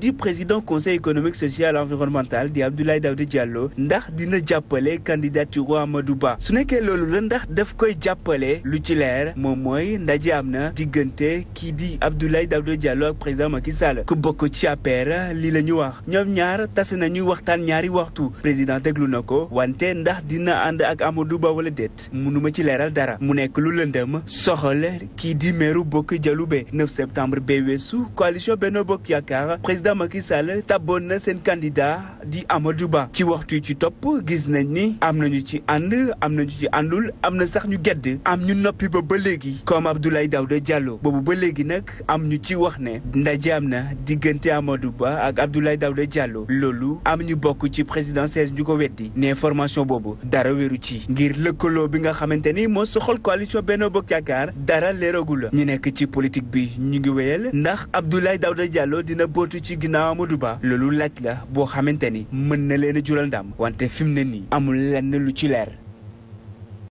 di président conseil économique social environnemental di Abdoulaye Daouda Diallo ndax dina jàppale candidature Amadou Ba su nekkee loolu la ndax daf koy jàppale lu ci leer moom mooy ndaje am na diggante kii di Abdoulaye Daouda Diallo ak président Macky Sall ku bokk ci APR lii la ñu wax ñoom ñaar tase nañuy waxtaan ñaari waxtu président déglu na ko wante ndax dina ànd ak Amadou Ba wala déet mënuma ci leeral dara mu nekk lu lëndëm soxal kii di meeru bokk Dialloubé 9 septembre bee weesu coalition Benno président Macky Sall tabboon na seen candidat di Amadou Ba ci waxtu ci topp gis nañ ni am nañu ci ànd am nañu ci àndul am na sax ñu gedd am ñu noppi ba ba léegi comme Abdoulaye Daouda jàlloo boobu ba léegi nag am ñu ci wax ne ndaje am na diggante amadu Ba ak Abdoulaye Daouda jàlloo loolu am ñu bokk ci président présidentielle ñu ko weddi ne formation boobu dara wéru ci ngir lëkkaloo bi nga xamante ni moo soxal ko coalition benn Bokk Yaakaar dara leeragul la ñu nekk ci politique bi ci ginnaaw Amadou Ba loolu laaj la boo xamante ni mën na leen a jural ndam wante fi mu ne nii amul lenn lu ci leer